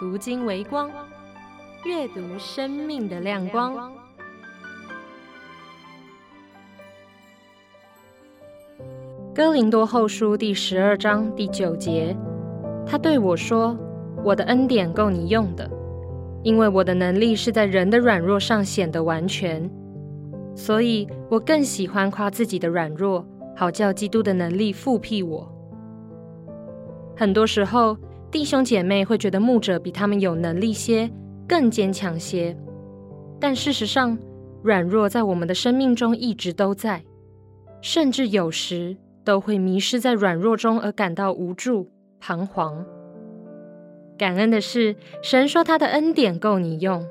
讀經為光，閱讀生命的亮光。哥林多後書第十二章第九節，他對我說：“我的恩典夠你用的，因為我的能力是在人的軟弱上顯得完全。所以我更喜歡誇自己的軟弱，好叫基督的能力覆庇我。”很多時候。弟兄姐妹會覺得牧者比他們有能力些，更堅強些，但事實上，軟弱在我們的生命中一直都在，甚至有時都會迷失在軟弱中而感到無助、彷徨。感恩的是，神說他的恩典夠你用，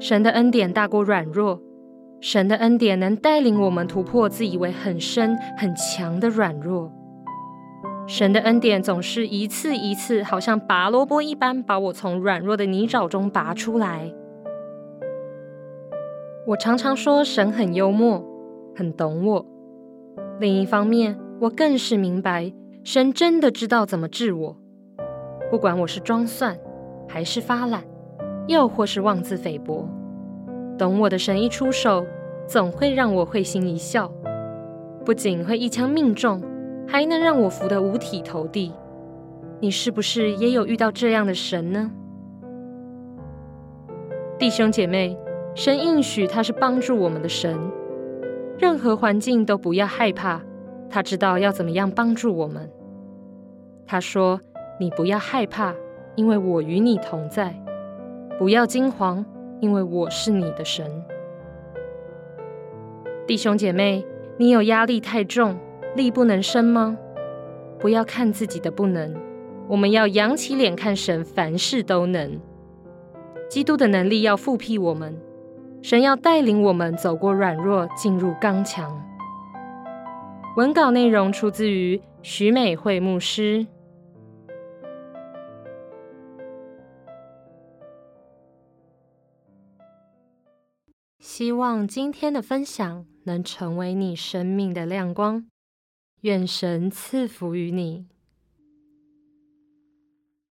神的恩典大過軟弱，神的恩典能帶領我們突破自以為很深、很強的軟弱。神的恩典總是一次一次，好像拔蘿蔔一般，把我從軟弱的泥沼中拔出來。我常常說，神很幽默，很懂我。另一方面，我更是明白，神真的知道怎麼治我。不管我是裝蒜，還是發懶，又或是妄自菲薄，懂我的神一出手，總會讓我會心一笑，不僅會一槍命中。還能讓我服得五體投地，你是不是也有遇到這樣的神呢？弟兄姐妹，神應許他是幫助我們的神，任何環境都不要害怕，他知道要怎麼樣幫助我們。他說：“你不要害怕，因為我與你同在；不要驚慌，因為我是你的神。”弟兄姐妹，你有壓力太重。力不能生嗎？不要看自己的不能，我們要揚起臉看神，凡事都能。基督的能力要覆庇我們，神要帶領我們走過軟弱，進入剛強。文稿內容出自於許美惠牧師。希望今天的分享能成為你生命的亮光。願神賜福於你。